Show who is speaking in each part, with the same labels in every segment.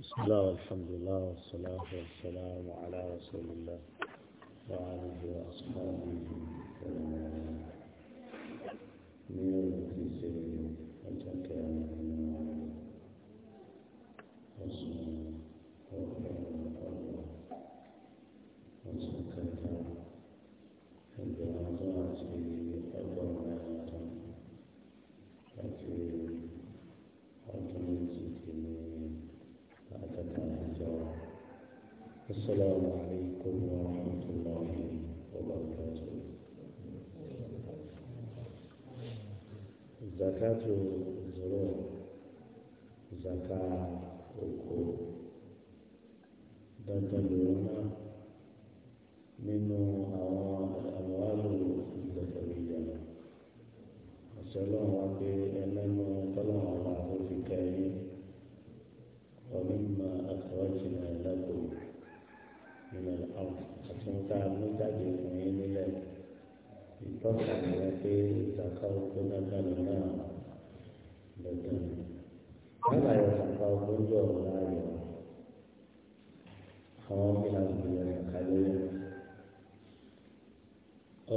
Speaker 1: بسم الله والحمد لله والصلاة والسلام على رسول الله وعلى وأصحابه ومن يوم السلام عليكم ورحمة الله وبركاته زكاة الزروع زكاة الكون دندلونا من الأموال الزكوية أسألوا عليكم أنه طلع الله في كريم ومما أخرجنا لكم nínú ọ̀hún àti níta mú nílẹ̀ ìtọ́ka ni pé ìtàkà oko lágbàdo náà lọ́dọ̀ ni. Bàbá yọ ìtàkà oko jọ ọ̀rọ̀ láàyò. Àwọn ọmọ ìlànà ìgbìyànjú kálẹ̀ ó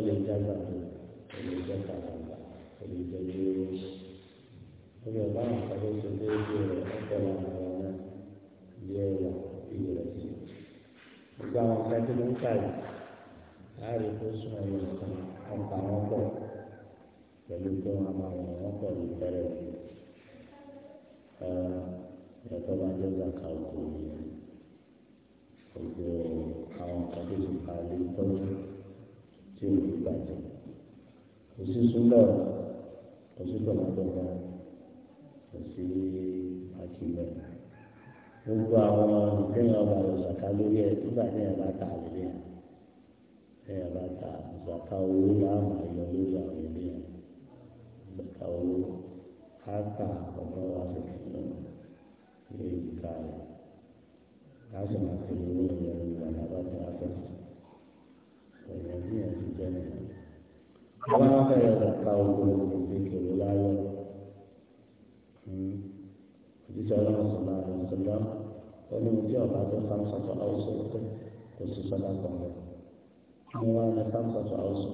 Speaker 1: káyì láàrin tó sún ẹyọ kan ọkà wọn pọ̀ pẹ̀lú pé wọn máa wọn wọn pọ̀ ní tẹ́lẹ̀ ẹ̀tọ́ bá jẹ́ zaka òkú yìí gbogbo àwọn kan tó ti pa lè tọ́jú tí ò ní bàjẹ́ kò sí súnlẹ̀ kò sí tọ̀mọ̀tọ̀mọ̀ kò sí akílẹ̀ gbogbo àwọn. ဖြစ်ရောပါလို့ဆိုတာဒါလူရဲ့ဥပဒေရတာကလေးပဲ။အဲဘာသာဆိုတာတော်ဝင်လာမှရုံးလို့ရောင်းနေတယ်။တော်ဝင်ခါကဘောရောဆိုတာဒီကောင်။ဒါဆိုမှသူလူရဲ့ဘာသာတရားဆိုတာဘယ်လိုကြီးအစီအစဉ်လဲ။ဘာသာရဲ့တော်ဝင်ဒီလိုလိုလာရော။ဟင်းဒီကြောင်ဆိုတာဆိုတာ pẹ̀lú tí ọba tó sáńsọ̀tò àwùsọ pé kò sí sọ́dà kan rẹ̀ kí wọ́n á lọ sáńsọ̀tò àwùsọ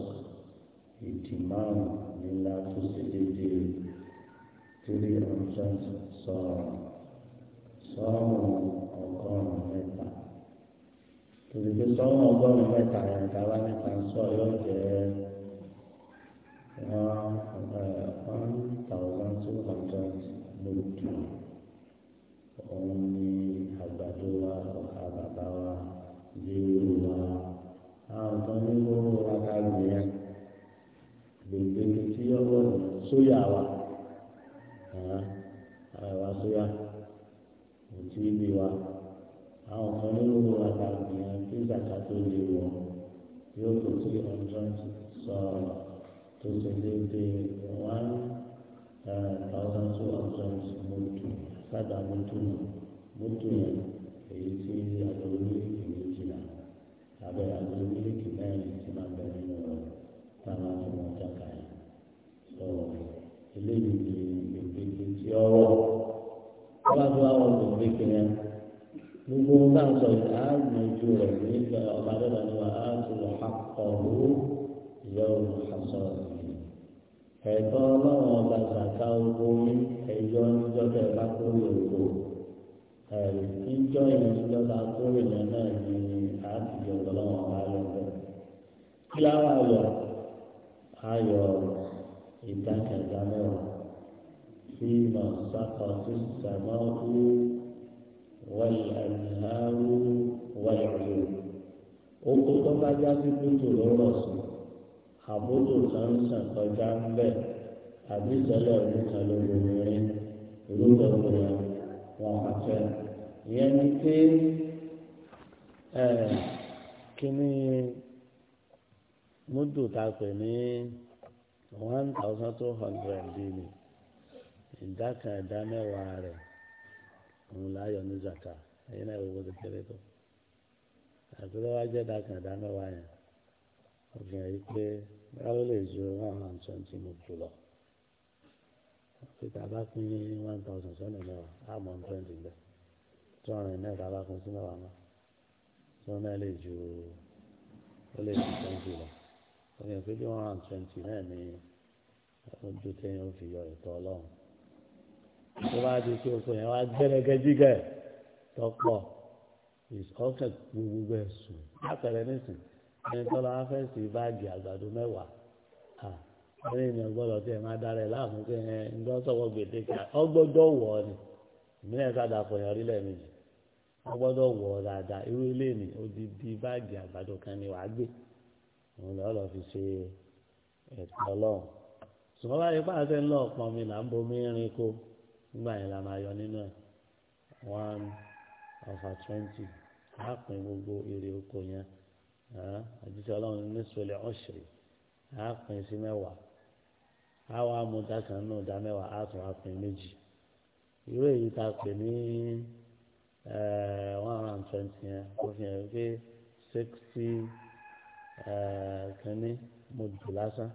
Speaker 1: ìdì márùn nílá tó ṣe déédéé three hundred sọ̀rọ̀ sọ̀rọ̀ ọgọ́rùn-ún mẹ́ta tòlù pé sọ̀rọ̀ ọgọ́rùn-ún mẹ́ta yẹn tàwa nípa sọ yóò jẹ́ eh, one thousand two hundred lójú òun ni. àwọn kan nínú wọn àtàgbìyàn tí zaka tó lè wọ yóò tó tí hundred sọ̀rọ̀ tó ṣe déédéé one uh, thousand two hundred mọ́tò sábà mọ́tò náà mọ́tò yẹn èyí tí àgbẹ̀wò mílíkì méjìlá àbẹ̀ àgbẹ̀wò mílíkì mẹ́rin ti máa bẹ̀rẹ̀ nínú rẹ̀ tá a máa fi wọn zaka yẹn sọ̀rọ̀ eléyìí ni gbèdéke tí ọ̀rọ̀ wọ́n bá tó àwọn gbèdéke yẹn gbogbo táwọn sọ yìí á yanjú rẹ̀ nígbà ọba dọ́là ni wà á tó lọ akọ̀wé ìyá òun àṣọ ẹ̀tọ́ ọlọ́run ọba zàkà owó yín ẹ̀yọ́ níjọ́ tẹ̀ bá kórè òkò ẹ̀rí níjọ́ yẹn níjọ́ bá kórè yẹn náà ni á ọlọ́run ọba yọ bẹ́ẹ̀. kí láwọn ayọ̀ ayọ̀ ìdákẹ̀dá mẹ́wàá tí màá sákọ̀ tó sì sàmọ́ والأنهار والعيون oko tó bá já sí kótó lọ́rọ̀ sùn àbótó kan sàn kọjá ń bẹ̀ àbí ìṣẹ̀lẹ̀ ọdún kan ló lómìnirin ìrúbọ ìrìn wọn àfẹ ìyẹn ni pé ẹ kíní múdù tá a pè ní one thousand two hundred bíi ìdá kan ìdá mẹ́wàá rẹ̀ òun láyọ̀ ní zaka ẹ̀yin náà wọ́n ti kéré tó àti lọ́wọ́ jẹ́ dákàndá mẹ́wàá yẹn òfin yìí pé báwo lè ju one hundred and twenty mo jù lọ peter bá pín one thousand sọ́nà mẹ́wàá àmọ́ twenty bẹ́ẹ̀ two hundred náà bá pín sí mẹ́wàá náà tí wọ́n náà lè ju ó lè ju twenty lọ òfin yìí pé bí one hundred and twenty náà ni ojú téèyàn fi yọ ìtọ́ ọlọ́run. tó bá di pé oko yẹn wá gbẹ́rẹ́gẹ́ jígẹ̀ tọ́pọ̀ ìsọ́kẹ̀ gbogbo ẹ̀ sùn látẹ̀rẹ̀ nísìn ẹni tó lọ́wọ́ fẹ́ sí báàgì àgbàdo mẹ́wàá ẹni ènìyàn gbọ́dọ̀ ẹ darẹ̀ láàmú pé ẹ ń gbọ́ gbèdéke ọgbọ́dọ̀ wọ̀ ni ìmílẹ̀ sádà fọyàn orí lẹ́ẹ̀mejì ọgbọ́dọ̀ wọ̀ dáadáa irú ilé fi ṣe ẹ̀tọ́ nígbà yẹn la máa yọ nínú ẹ̀ one over twenty á pín gbogbo èrè oko yẹn àdìsí ọlọ́run ní sọlẹ̀ ọ̀ṣẹ̀ á pín sí mẹ́wàá á wá mú dákan náà dá mẹ́wàá á tún á méjì irú èyí tá a pè ní eh, one hundred and twenty yẹn kò fi hàn pé sixty eh, kínní mo jù lásán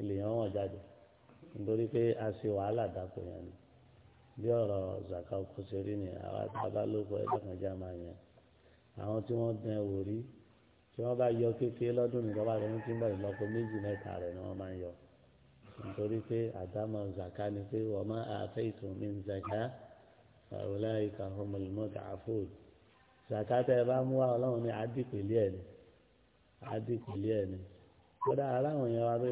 Speaker 1: ilé yẹn wọ̀n jáde nítorí pé a ṣe wàhálà dàpọ̀ yẹn ni bí ọ̀rọ̀ zaka kò ṣe rí ni àwọn abálòpọ̀ ẹgbẹ́ kan já máa yẹn àwọn tí wọ́n dán wò rí tí wọ́n bá yọ kékeré lọ́dún nìkan bá lọ́dún tí ń bọ̀ ìlọ́po méjì mẹ́ta rẹ̀ ni wọ́n máa ń yọ nítorí pé àdámọ̀ zaka ni pé wọ́n máa àfẹ́ ìtòmí zaka ọ̀rọ̀lá ìka ọmọlùmọ́tà àfọ́ọ̀d zaka tẹ́ ẹ bá mú wa ọlọ́run ní adìpẹ̀lẹ́ ẹ̀ ni adìpẹ̀lẹ́ ẹ̀ ni kódà aláwọn yẹn wá pé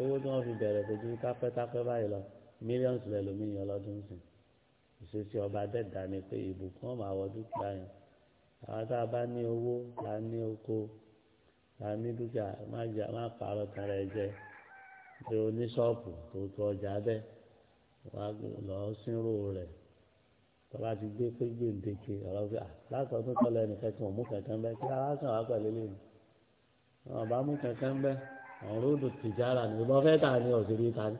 Speaker 1: owó tí wọ́n fi bẹ̀rẹ̀ kojú kápẹ́tápẹ́ báyìí lọ mílíọ̀nù lẹ́lòmíyàn lọ́dún sìn ìṣesí ọba dẹ́dà ni pé ìbùkún máa wọ dúkìá yẹn àwọn tá a bá ní owó tá a ní oko tá a ní dúkìá má jà má pààrọ̀ tara ẹ jẹ pé o ní ṣọ́ọ̀pù tó tu ọjà bẹ́ẹ̀ wàá lọ sínú rẹ̀ tọ́ba ti gbé pé gbèǹdéke ọ̀rọ̀ fi à látọ̀dún tọ́lẹ̀ nìkan kan ò mú kankan bẹ́ẹ̀ kí ara kan wá pẹ̀lú lè mú àwọn ọba mú kankan bẹ́ẹ̀ àwọn ròdù tìjára ni ìbọn fẹ́ tà ní ọ̀sẹ̀ rí ta ni.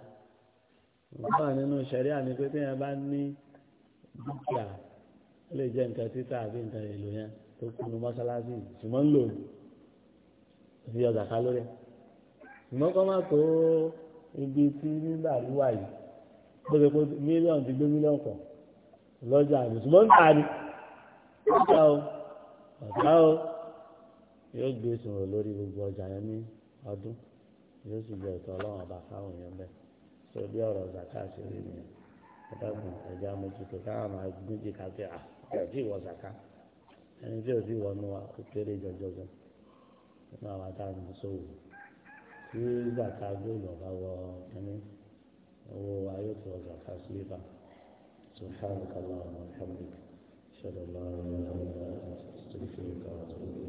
Speaker 1: nígbà nínú ìṣẹ̀rí dúkìá ó lè jẹ́ nǹkan títà àbí nǹkan èlò yẹn tó kúnnú mọ́ṣáláṣí ṣùgbọ́n ń lò ó fi ọ̀gá ká lórí ẹ̀ ṣùgbọ́n kọ́ má tó ibi tí nígbà wíwà yìí bó ṣe pé mílíọ̀nù ti gbé mílíọ̀nù kan lọ́jà àmì ṣùgbọ́n ń tà ní ọjà o ọ̀gá o yóò gbé ìṣòro lórí gbogbo ọjà yẹn ní ọdún yóò sì gbé ẹ̀tọ́ ọlọ́run ọba fáwọn èèyàn bẹ́ẹ̀ ṣe bí ọ̀rọ̀ zaka ṣe nìyẹn ẹ̀dàkùn ẹ̀dà mójútó káwọn máa gbójì káfí ah, à ẹ̀fí wọ sàká ẹni tí ò sí wọnú wa ó kéré jọjọ gan nínú àwọn àtàwọn sòwò tí zàká góòlù ọba wọ ẹni owó wa yóò tó wọ zàká sílífà سبحانك اللهم وبحمدك اشهد ان لا اله الا انت استغفرك واتوب اليك